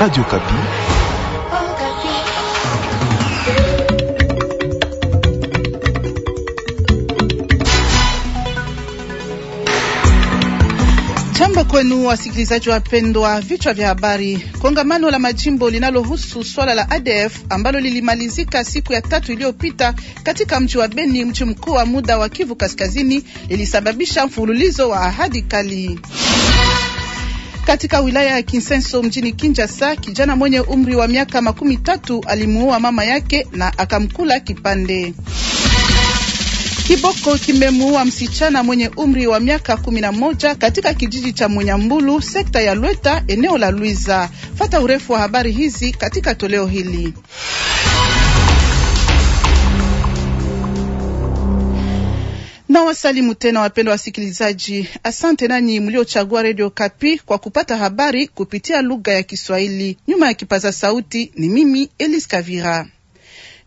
Radio Kapi. Jambo kwenu wasikilizaji wapendwa, vichwa vya habari. Kongamano la majimbo linalohusu swala la ADF ambalo lilimalizika siku ya tatu iliyopita katika mji wa Beni, mji mkuu wa muda wa Kivu Kaskazini, lilisababisha mfululizo wa ahadi kali. Katika wilaya ya Kinsenso mjini kinjasa kijana mwenye umri wa miaka makumi tatu alimuua mama yake na akamkula kipande. Kiboko kimemuua msichana mwenye umri wa miaka kumi na moja katika kijiji cha Munyambulu, sekta ya Lweta, eneo la Luiza. Fata urefu wa habari hizi katika toleo hili. na wasalimu tena wapendwa wasikilizaji, asante nanyi mliochagua redio Kapi kwa kupata habari kupitia lugha ya Kiswahili. Nyuma ya kipaza sauti ni mimi Elis Kavira.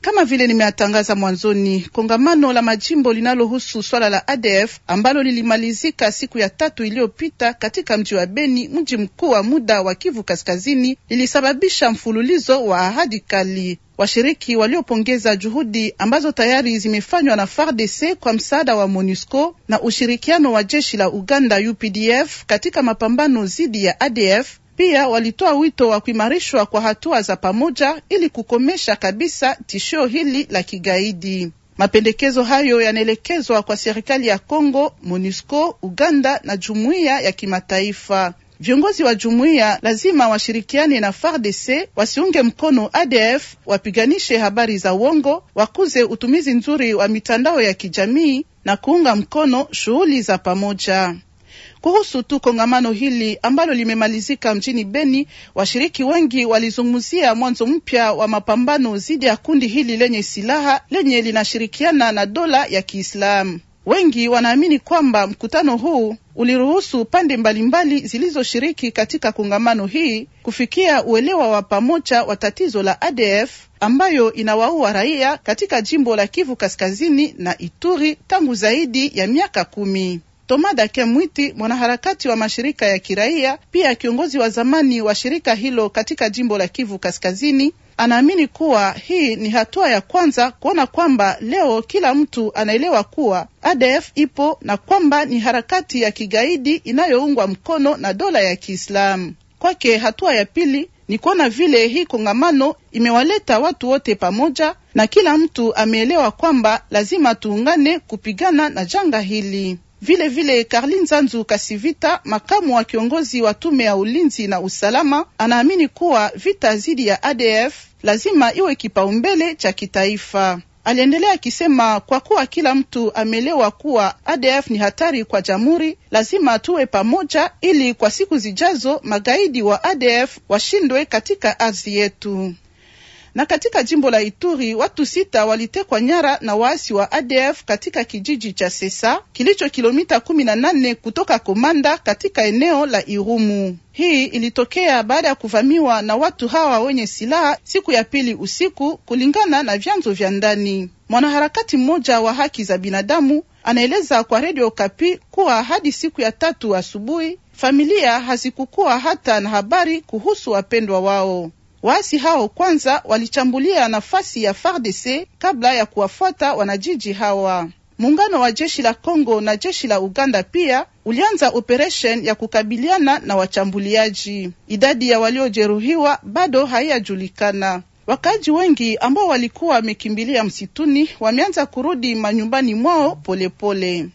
Kama vile nimeatangaza mwanzoni, kongamano la majimbo linalohusu swala la ADF ambalo lilimalizika siku ya tatu iliyopita katika mji wa Beni, mji mkuu wa muda wa Kivu Kaskazini, lilisababisha mfululizo wa ahadi kali. Washiriki waliopongeza juhudi ambazo tayari zimefanywa na FARDC kwa msaada wa MONUSCO na ushirikiano wa jeshi la Uganda UPDF katika mapambano dhidi ya ADF pia walitoa wito wa kuimarishwa kwa hatua za pamoja ili kukomesha kabisa tishio hili la kigaidi. Mapendekezo hayo yanaelekezwa kwa serikali ya Kongo, MONUSCO, Uganda na jumuiya ya kimataifa. Viongozi wa jumuiya lazima washirikiane na FARDC, wasiunge mkono ADF, wapiganishe habari za uongo, wakuze utumizi nzuri wa mitandao ya kijamii na kuunga mkono shughuli za pamoja. Kuhusu tu kongamano hili ambalo limemalizika mjini Beni, washiriki wengi walizungumzia mwanzo mpya wa mapambano dhidi ya kundi hili lenye silaha lenye linashirikiana na dola ya Kiislamu. Wengi wanaamini kwamba mkutano huu uliruhusu pande mbalimbali zilizoshiriki katika kongamano hii kufikia uelewa wa pamoja wa tatizo la ADF ambayo inawaua raia katika jimbo la Kivu Kaskazini na Ituri tangu zaidi ya miaka kumi. Toma Dake Mwiti, mwanaharakati wa mashirika ya kiraia pia kiongozi wa zamani wa shirika hilo katika jimbo la Kivu Kaskazini, anaamini kuwa hii ni hatua ya kwanza kuona kwamba leo kila mtu anaelewa kuwa ADF ipo na kwamba ni harakati ya kigaidi inayoungwa mkono na dola ya Kiislamu. Kwake hatua ya pili ni kuona vile hii kongamano imewaleta watu wote pamoja na kila mtu ameelewa kwamba lazima tuungane kupigana na janga hili. Vile vile Karlin Zanzu Kasivita, makamu wa kiongozi wa tume ya ulinzi na usalama, anaamini kuwa vita dhidi ya ADF lazima iwe kipaumbele cha kitaifa. Aliendelea akisema kwa kuwa kila mtu ameelewa kuwa ADF ni hatari kwa jamhuri, lazima tuwe pamoja ili kwa siku zijazo magaidi wa ADF washindwe katika ardhi yetu. Na katika jimbo la Ituri watu sita walitekwa nyara na waasi wa ADF katika kijiji cha Sesa kilicho kilomita kumi na nane kutoka Komanda katika eneo la Irumu. Hii ilitokea baada ya kuvamiwa na watu hawa wenye silaha siku ya pili usiku, kulingana na vyanzo vya ndani. Mwanaharakati mmoja wa haki za binadamu anaeleza kwa redio Kapi kuwa hadi siku ya tatu asubuhi familia hazikukuwa hata na habari kuhusu wapendwa wao. Waasi hao kwanza walichambulia nafasi ya FARDC kabla ya kuwafuata wanajiji hawa. Muungano wa jeshi la congo na jeshi la Uganda pia ulianza operation ya kukabiliana na wachambuliaji. Idadi ya waliojeruhiwa bado haiyajulikana. Wakaaji wengi ambao walikuwa wamekimbilia msituni wameanza kurudi manyumbani mwao polepole pole.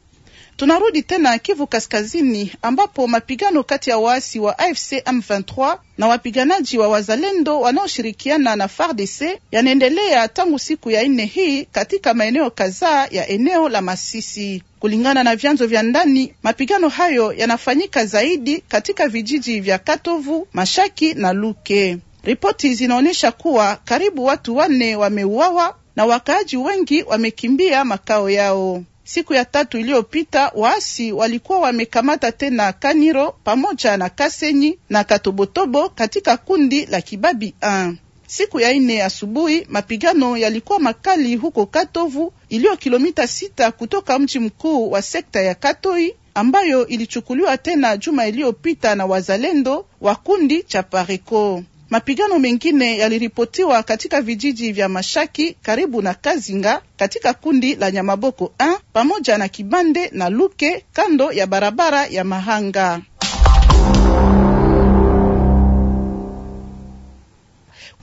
Tunarudi tena Kivu Kaskazini ambapo mapigano kati ya waasi wa AFC M23 na wapiganaji wa wazalendo wanaoshirikiana na FARDC yanaendelea tangu siku ya nne hii katika maeneo kadhaa ya eneo la Masisi. Kulingana na vyanzo vya ndani, mapigano hayo yanafanyika zaidi katika vijiji vya Katovu, Mashaki na Luke. Ripoti zinaonyesha kuwa karibu watu wanne wameuawa na wakaaji wengi wamekimbia makao yao. Siku ya tatu iliyopita waasi walikuwa wamekamata tena Kaniro pamoja na Kasenyi na Katobotobo katika kundi la Kibabi 1. Siku ya ine asubuhi mapigano yalikuwa makali huko Katovu iliyo kilomita sita kutoka mji mkuu wa sekta ya Katoi ambayo ilichukuliwa tena juma iliyopita na wazalendo wa kundi cha Pareko. Mapigano mengine yaliripotiwa katika vijiji vya Mashaki karibu na Kazinga katika kundi la Nyamaboko 1 pamoja na Kibande na Luke kando ya barabara ya Mahanga.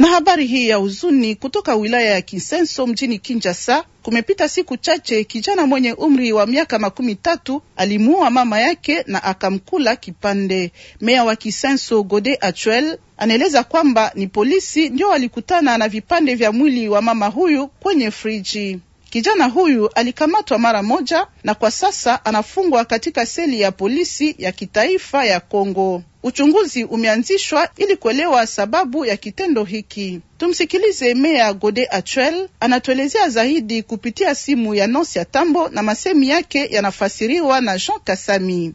Na habari hii ya huzuni kutoka wilaya ya Kisenso mjini Kinshasa. Kumepita siku chache, kijana mwenye umri wa miaka makumi tatu alimuua mama yake na akamkula kipande. Meya wa Kisenso Gode Achuel anaeleza kwamba ni polisi ndio walikutana na vipande vya mwili wa mama huyu kwenye friji. Kijana huyu alikamatwa mara moja na kwa sasa anafungwa katika seli ya polisi ya kitaifa ya Kongo. Uchunguzi umeanzishwa ili kuelewa sababu ya kitendo hiki. Tumsikilize Meya Gode atuel anatuelezea zaidi kupitia simu ya nosi ya Tambo na masemi yake yanafasiriwa na Jean Kasami.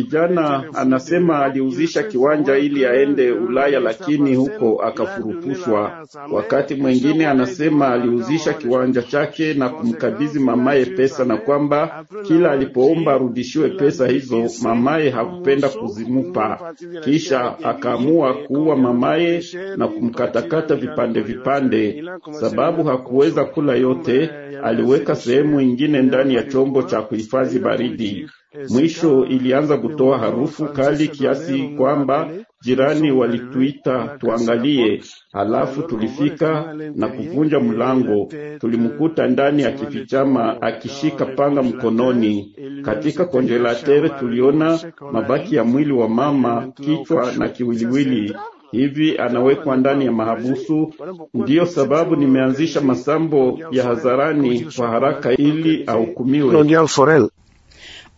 Kijana anasema aliuzisha kiwanja ili aende Ulaya, lakini huko akafurupushwa. Wakati mwingine anasema aliuzisha kiwanja chake na kumkabidhi mamaye pesa, na kwamba kila alipoomba arudishiwe pesa pesa hizo mamaye hakupenda kuzimupa, kisha akaamua kuua mamaye na kumkatakata vipande vipande. Sababu hakuweza kula yote, aliweka sehemu ingine ndani ya chombo cha kuhifadhi baridi. Mwisho ilianza kutoa harufu kali kiasi kwamba jirani walituita tuangalie. Halafu tulifika na kuvunja mlango, tulimkuta eh, ndani ya kifichama akishika eh, panga mkononi. Eh, katika konjelatere tuliona mabaki ya mwili wa mama, kichwa na kiwiliwili hivi anawekwa ndani ya mahabusu. Ndiyo sababu nimeanzisha masambo ya hadharani kwa haraka ili ahukumiwe.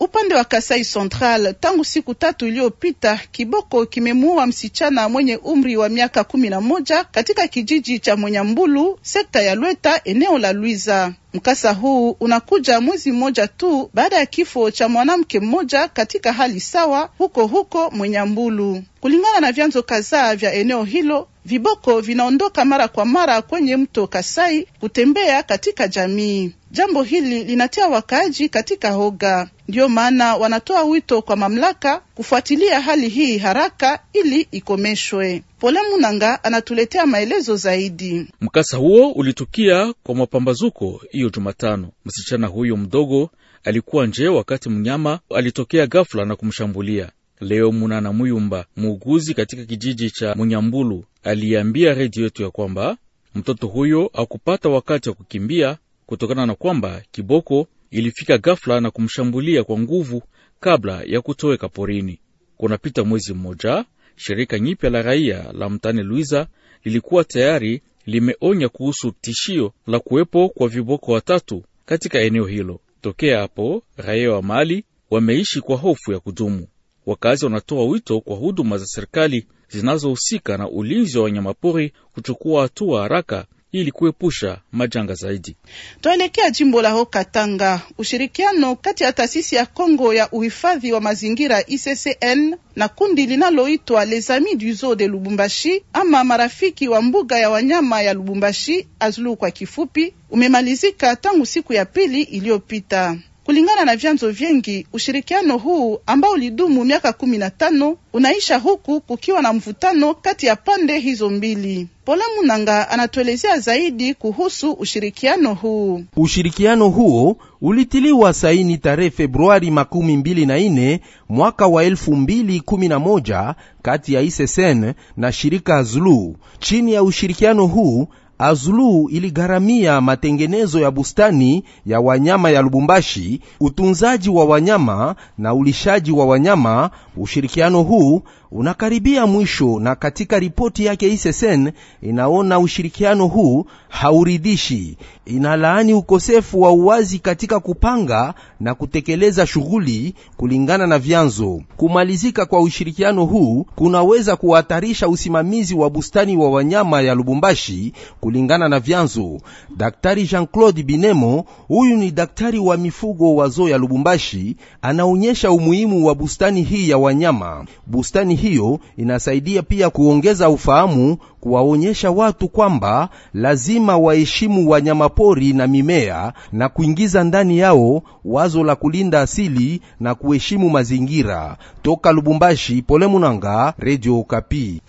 Upande wa Kasai Central, tangu siku tatu iliyopita, kiboko kimemuua msichana mwenye umri wa miaka kumi na moja katika kijiji cha Mwenyambulu, sekta ya Lweta, eneo la Luiza. Mkasa huu unakuja mwezi mmoja tu baada ya kifo cha mwanamke mmoja katika hali sawa huko huko Mwenyambulu, kulingana na vyanzo kadhaa vya eneo hilo. Viboko vinaondoka mara kwa mara kwenye mto Kasai kutembea katika jamii. Jambo hili linatia wakaaji katika hoga. Ndiyo maana wanatoa wito kwa mamlaka kufuatilia hali hii haraka ili ikomeshwe. Pole Munanga anatuletea maelezo zaidi. Mkasa huo ulitukia kwa mapambazuko hiyo Jumatano. Msichana huyo mdogo alikuwa nje wakati mnyama alitokea ghafla na kumshambulia. Leo Munana Muyumba, muuguzi katika kijiji cha Munyambulu, aliambia redio yetu ya kwamba mtoto huyo akupata wakati wa kukimbia kutokana na kwamba kiboko ilifika ghafla na kumshambulia kwa nguvu kabla ya kutoweka porini. Kunapita mwezi mmoja, shirika nyipya la raia la mtani Luiza lilikuwa tayari limeonya kuhusu tishio la kuwepo kwa viboko watatu katika eneo hilo. Tokea hapo raia wa Mali wameishi kwa hofu ya kudumu. Wakazi wanatoa wito kwa huduma za serikali zinazohusika na ulinzi wa wanyamapori kuchukua hatua haraka ili kuepusha majanga zaidi. Twaelekea jimbo la hokatanga Ushirikiano kati ya taasisi ya Kongo ya uhifadhi wa mazingira ICCN na kundi linaloitwa Les Amis du Zoo de Lubumbashi ama marafiki wa mbuga ya wanyama ya Lubumbashi, AZLU kwa kifupi, umemalizika tangu siku ya pili iliyopita. Kulingana na vyanzo vingi, ushirikiano huu ambao ulidumu miaka kumi na tano unaisha huku kukiwa na mvutano kati ya pande hizo mbili. Pola Munanga anatuelezea zaidi kuhusu ushirikiano huu. Ushirikiano huo ulitiliwa saini tarehe Februari makumi mbili na ine mwaka wa elfu mbili kumi na moja kati ya ISSN e na shirika Zulu. Chini ya ushirikiano huu Azulu iligharamia matengenezo ya bustani ya wanyama ya Lubumbashi, utunzaji wa wanyama na ulishaji wa wanyama. Ushirikiano huu unakaribia mwisho, na katika ripoti yake Isesen inaona ushirikiano huu hauridhishi. Inalaani ukosefu wa uwazi katika kupanga na kutekeleza shughuli kulingana na vyanzo. Kumalizika kwa ushirikiano huu kunaweza kuhatarisha usimamizi wa bustani wa wanyama ya Lubumbashi kulingana na vyanzo. Daktari Jean-Claude Binemo, huyu ni daktari wa mifugo wa zoo ya Lubumbashi, anaonyesha umuhimu wa bustani hii ya wanyama. Bustani hiyo inasaidia pia kuongeza ufahamu, kuwaonyesha watu kwamba lazima waheshimu wanyamapori na mimea na kuingiza ndani yao wazo la kulinda asili na kuheshimu mazingira. Toka Lubumbashi, Pole Munanga, Radio Kapi.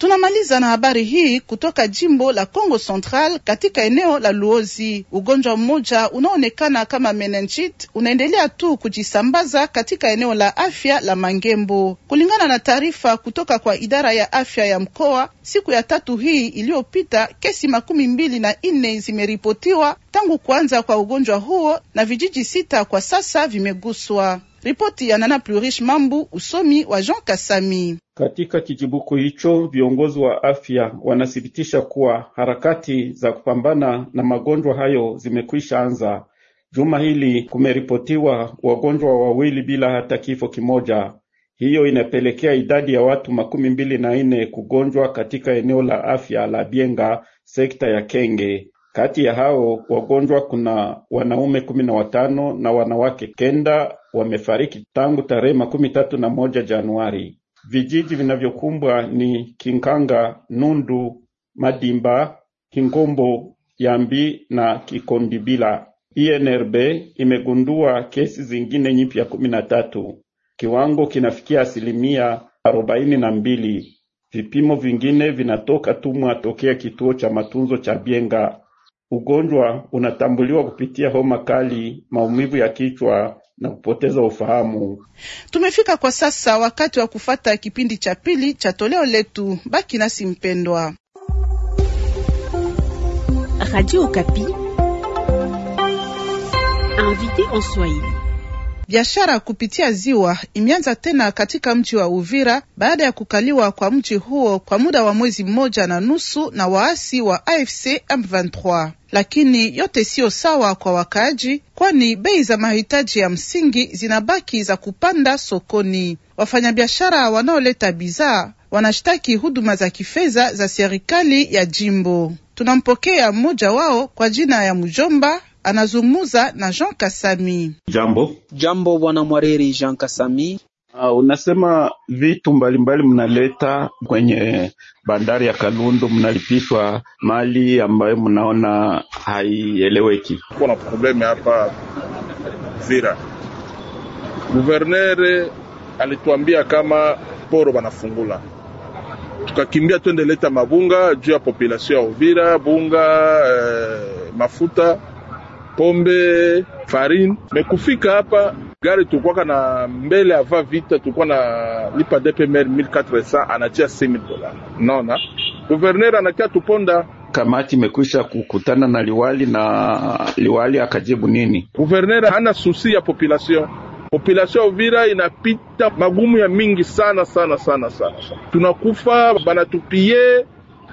Tunamaliza na habari hii kutoka jimbo la Congo Central katika eneo la Luozi. Ugonjwa mmoja unaoonekana kama menenjit unaendelea tu kujisambaza katika eneo la afya la Mangembo. Kulingana na taarifa kutoka kwa idara ya afya ya mkoa, siku ya tatu hii iliyopita, kesi makumi mbili na nne zimeripotiwa tangu kuanza kwa ugonjwa huo na vijiji sita kwa sasa vimeguswa. Ripoti ya Nana Plurish Mambu, usomi wa Jean Kasami. Katika kijibuku hicho viongozi wa afya wanathibitisha kuwa harakati za kupambana na magonjwa hayo zimekwisha anza. Juma hili kumeripotiwa wagonjwa wawili bila hata kifo kimoja. Hiyo inapelekea idadi ya watu makumi mbili na nne kugonjwa katika eneo la afya la Bienga, sekta ya Kenge. Kati ya hao wagonjwa kuna wanaume kumi na watano na wanawake kenda wamefariki tangu tarehe makumi tatu na moja Januari. Vijiji vinavyokumbwa ni Kinkanga Nundu Madimba Kingombo, Yambi na Kikondibila. INRB e imegundua kesi zingine nyipya kumi na tatu. Kiwango kinafikia asilimia arobaini na mbili. Vipimo vingine vinatoka tumwa tokea kituo cha matunzo cha Bienga. Ugonjwa unatambuliwa kupitia homa kali, maumivu ya kichwa, na kupoteza ufahamu. Tumefika kwa sasa wakati wa kufata kipindi cha pili cha toleo letu. Baki nasi mpendwa. Radio Okapi invité en Swahili Biashara kupitia ziwa imeanza tena katika mji wa Uvira baada ya kukaliwa kwa mji huo kwa muda wa mwezi mmoja na nusu na waasi wa AFC M23. Lakini yote siyo sawa kwa wakaaji, kwani bei za mahitaji ya msingi zinabaki za kupanda sokoni. Wafanyabiashara wanaoleta bidhaa wanashtaki huduma za kifedha za serikali ya jimbo. Tunampokea mmoja wao kwa jina ya Mjomba anazungumza na Jean Kasami. Jambo jambo, bwana Mwariri Jean Kasami. Uh, unasema vitu mbalimbali mnaleta kwenye bandari ya Kalundu, mnalipishwa mali ambayo mnaona haieleweki. Kuna probleme hapa Vira. Guvernere alituambia kama poro banafungula, tukakimbia twende leta mabunga juu ya populasio ya Uvira bunga eh, mafuta pombe, farine. Mekufika hapa gari tukwaka na mbele ava vita tukwa na lipa DPMR 1400 anachia 6000 dola. Naona guverner anakia tuponda Kamati imekwisha kukutana na liwali na liwali akajibu nini? Guverner hana susi ya population. Population ya Uvira inapita magumu ya mingi sana sana sana sana, tunakufa banatupie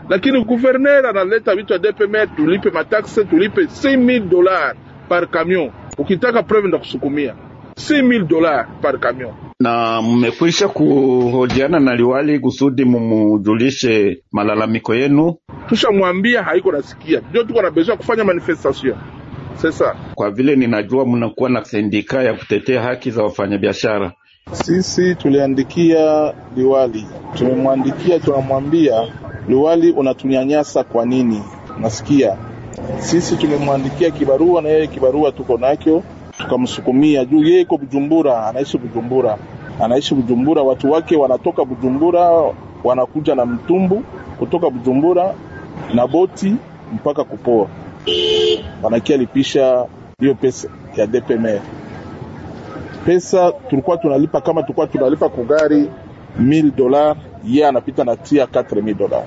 lakini guverner analeta vitu ya DPM, e, tulipe mataxe, tulipe 6000 dola par camion. Ukitaka preve ndakusukumia 6000 dola par camion na mmekwisha kuhojiana na liwali kusudi mumujulishe malalamiko yenu? Tushamwambia haiko nasikia, ndio tuko na besoin kufanya manifestation sasa. Kwa vile ninajua mnakuwa na sendika ya kutetea haki za wafanyabiashara, sisi tuliandikia liwali, tumemwandikia, tunamwambia Liwali, unatunyanyasa kwa nini? Nasikia sisi tumemwandikia kibarua na yeye kibarua tuko nacho, tukamsukumia juu yeye iko Bujumbura, anaishi Bujumbura, anaishi Bujumbura, watu wake wanatoka Bujumbura, wanakuja na mtumbu kutoka Bujumbura na boti mpaka kupoa, wanakia lipisha hiyo pesa ya DPMR. E. Pesa tulikuwa tunalipa kama tulikuwa tunalipa kugari 1000 dola, yeye anapita na tia 4000 dola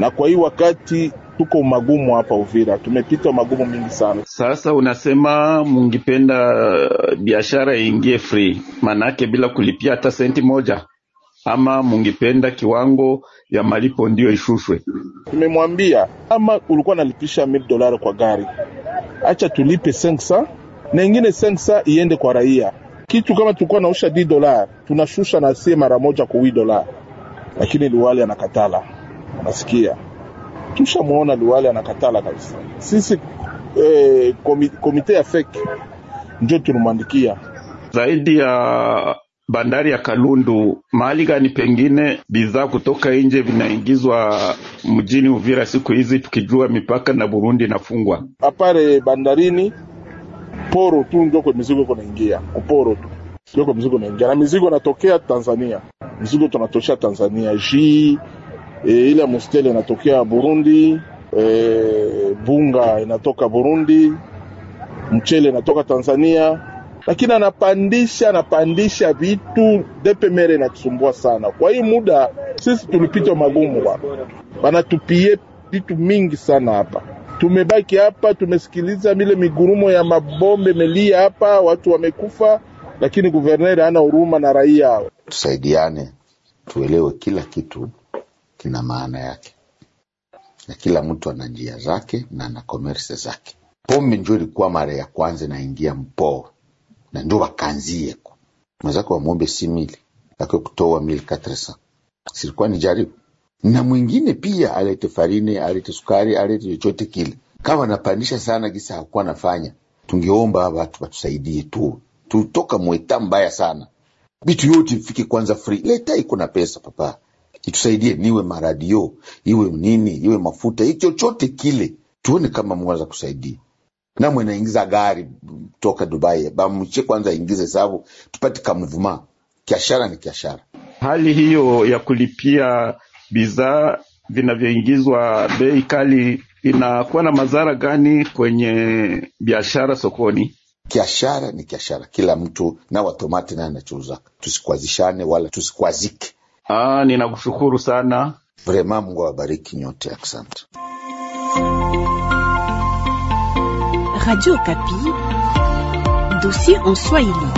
na kwa hii wakati tuko magumu hapa Uvira, tumepita magumu mingi sana. Sasa unasema mungipenda uh, biashara iingie free, manake bila kulipia hata senti moja, ama mungipenda kiwango ya malipo ndiyo ishushwe? Tumemwambia kama ulikuwa nalipisha mil dolari kwa gari, acha tulipe sensa na ingine sensa iende kwa raia. Kitu kama tulikuwa naosha di dolari tunashusha na mara moja kwa wi dolari, lakini liwali anakatala unasikia. Tushamwona Liwale anakatala kabisa. Sisi eh, komite ya fek ndio tunamwandikia zaidi ya bandari ya Kalundu, mahali gani pengine bidhaa kutoka nje vinaingizwa mjini Uvira siku hizi, tukijua mipaka na Burundi inafungwa? apare bandarini poro tu ndio kwa mizigo iko naingia kuporo tu ndio kwa mizigo naingia, na mizigo natokea Tanzania, mizigo tunatosha Tanzania ji e, ile mustele inatokea Burundi e, bunga inatoka Burundi, mchele inatoka Tanzania, lakini anapandisha anapandisha vitu depemere inatusumbua sana. Kwa hiyo muda sisi tulipitwa magumu, bwana, wanatupie vitu mingi sana hapa. Tumebaki hapa tumesikiliza mile migurumo ya mabombe melia hapa, watu wamekufa, lakini guverneri hana huruma na raia. Tusaidiane, tuelewe kila kitu kina maana yake, na kila mtu ana njia zake na ana komerse zake. Pombe njo ilikuwa mara ya kwanza naingia mpoo na ndio wakaanzieko mwenzako wa mombe simili yake kutoa mili katresa, silikuwa ni jaribu na mwingine pia alete farine alete sukari alete chochote kile, kama napandisha sana gisa hakuwa nafanya. Tungeomba watu watusaidie tu, tutoka mweta mbaya sana, bitu yote ifike kwanza free. Leta iko na pesa papa itusaidie, niwe maradio, iwe nini, iwe mafuta, i chochote kile, tuone kama mwaweza kusaidia. Na mwenaingiza gari toka Dubai, bamche kwanza aingize, sababu tupate kamvuma. Kiashara ni kiashara. Hali hiyo ya kulipia bidhaa vinavyoingizwa bei kali inakuwa na madhara gani kwenye biashara sokoni? Kiashara ni kiashara, kila mtu na watomati naye anachouza. Tusikwazishane wala tusikwazike. Ah, ninakushukuru sana vrema. Mungu awabariki nyote, asante. Radio Kapi, dossier en Swahili.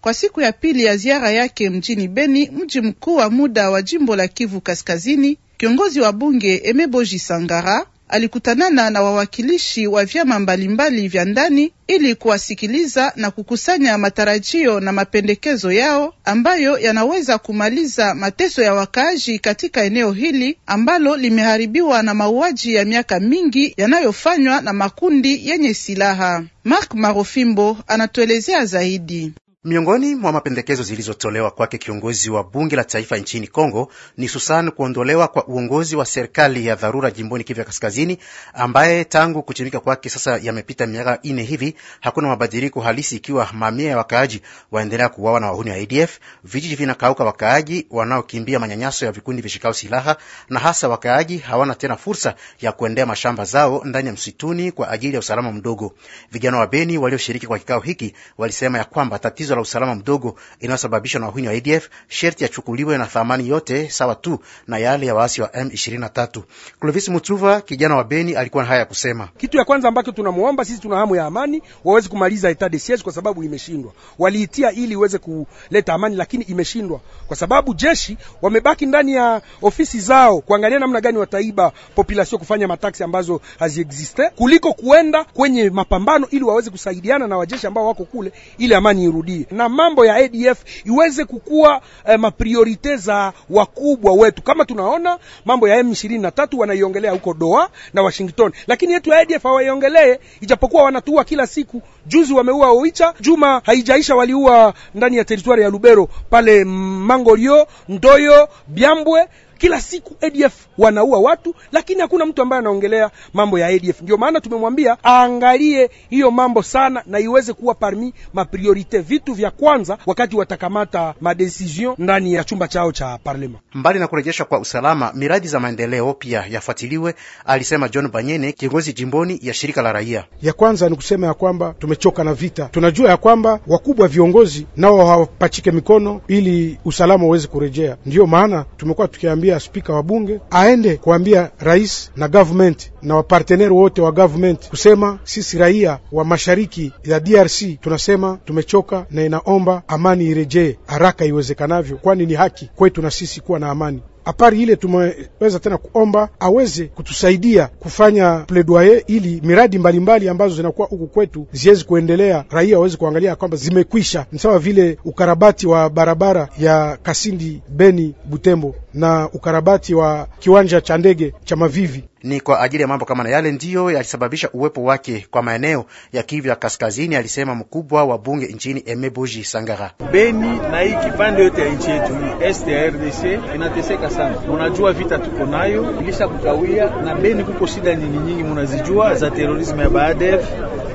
Kwa siku ya pili ya ziara yake mjini Beni, mji mkuu wa muda wa jimbo la Kivu Kaskazini, kiongozi wa bunge Emeboji Sangara alikutanana na wawakilishi wa vyama mbalimbali vya ndani ili kuwasikiliza na kukusanya matarajio na mapendekezo yao ambayo yanaweza kumaliza mateso ya wakaaji katika eneo hili ambalo limeharibiwa na mauaji ya miaka mingi yanayofanywa na makundi yenye silaha. Mark Marofimbo anatuelezea zaidi. Miongoni mwa mapendekezo zilizotolewa kwake kiongozi wa bunge la taifa nchini Kongo ni hususan kuondolewa kwa uongozi wa serikali ya dharura jimboni Kivu ya Kaskazini, ambaye tangu kuchimika kwake sasa yamepita miaka ine hivi, hakuna mabadiliko halisi, ikiwa mamia ya wakaaji waendelea kuuawa na wahuni wa ADF, vijiji vinakauka, wakaaji wanaokimbia manyanyaso ya vikundi vishikao silaha, na hasa wakaaji hawana tena fursa ya kuendea mashamba zao ndani ya msituni kwa ajili ya usalama mdogo. Vijana wa Beni walioshiriki kwa kikao hiki walisema ya kwamba tatizo tatizo la usalama mdogo inayosababishwa na wahuni wa ADF sherti yachukuliwe na thamani yote sawa tu na yale ya waasi wa M23. Clovis Mutuva, kijana wa Beni, alikuwa na haya ya kusema. Kitu ya kwanza ambacho tunamwomba sisi, tuna hamu ya amani, waweze kumaliza etat de siege kwa sababu imeshindwa. Waliitia ili iweze kuleta amani, lakini imeshindwa kwa sababu jeshi wamebaki ndani ya ofisi zao kuangalia namna gani wataiba population kufanya mataksi ambazo haziexiste kuliko kuenda kwenye mapambano ili waweze kusaidiana na wajeshi ambao wako kule ili amani irudie na mambo ya ADF iweze kukua eh, mapriorite za wakubwa wetu, kama tunaona mambo ya M23 wanaiongelea huko Doha na Washington, lakini yetu ya ADF hawaiongelee, ijapokuwa wanatua kila siku. Juzi wameua Oicha, juma haijaisha waliua ndani ya teritwari ya Lubero pale Mangolio, Ndoyo, Byambwe kila siku ADF wanaua watu, lakini hakuna mtu ambaye anaongelea mambo ya ADF. Ndio maana tumemwambia aangalie hiyo mambo sana, na iweze kuwa parmi mapriorite vitu vya kwanza wakati watakamata madecision ndani ya chumba chao cha parlema. Mbali na kurejesha kwa usalama, miradi za maendeleo pia yafuatiliwe, alisema John Banyene, kiongozi jimboni ya shirika la raia. Ya kwanza ni kusema ya kwamba tumechoka na vita, tunajua ya kwamba wakubwa viongozi nao hawapachike mikono ili usalama uweze kurejea. Ndiyo maana tumekuwa tukiambia kuambia spika wa bunge aende kuambia rais na government na waparteneri wote wa government kusema sisi raia wa mashariki ya DRC tunasema tumechoka na inaomba amani irejee haraka iwezekanavyo, kwani ni haki kwetu na sisi kuwa na amani. Apari ile tumeweza tena kuomba aweze kutusaidia kufanya pledoye ili miradi mbalimbali mbali ambazo zinakuwa huku kwetu ziwezi kuendelea, raia waweze kuangalia kwamba zimekwisha. Ni sawa vile ukarabati wa barabara ya Kasindi Beni Butembo na ukarabati wa kiwanja cha ndege cha Mavivi ni kwa ajili ya mambo kama na yale ndiyo yalisababisha uwepo wake kwa maeneo ya Kivu ya Kaskazini, alisema mkubwa wa bunge nchini Buji Sangara. Beni na hii kipande yote ya nchi yetu hii este ya RDC inateseka sana, munajua vita tuko nayo ilisha kukawia na Beni kuko shida nyingi nyingi, munazijua za terorisme ya Baadef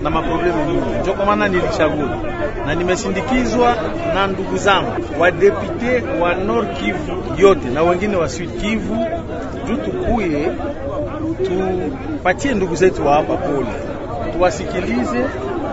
na maproblemu mingi, njo kwa maana nilichagula na nimesindikizwa na ndugu zangu wadepute wa Nord Kivu yote na wengine wa Sud Kivu juu tukuye tupatie ndugu zetu wa hapa pole, tuwasikilize,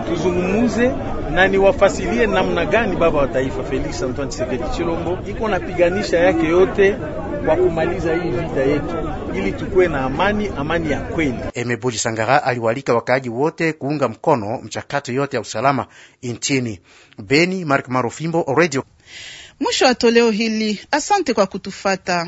tuzungumuze na niwafasilie namna gani baba wa taifa Felix Antoine Tshisekedi Chilombo iko na piganisha yake yote kwa kumaliza hii vita yetu ili tukuwe na amani, amani ya kweli. emeboji Sangara aliwalika wakaaji wote kuunga mkono mchakato yote ya usalama nchini. Beni, Mark Marofimbo, Radio. Mwisho wa toleo hili, asante kwa kutufata.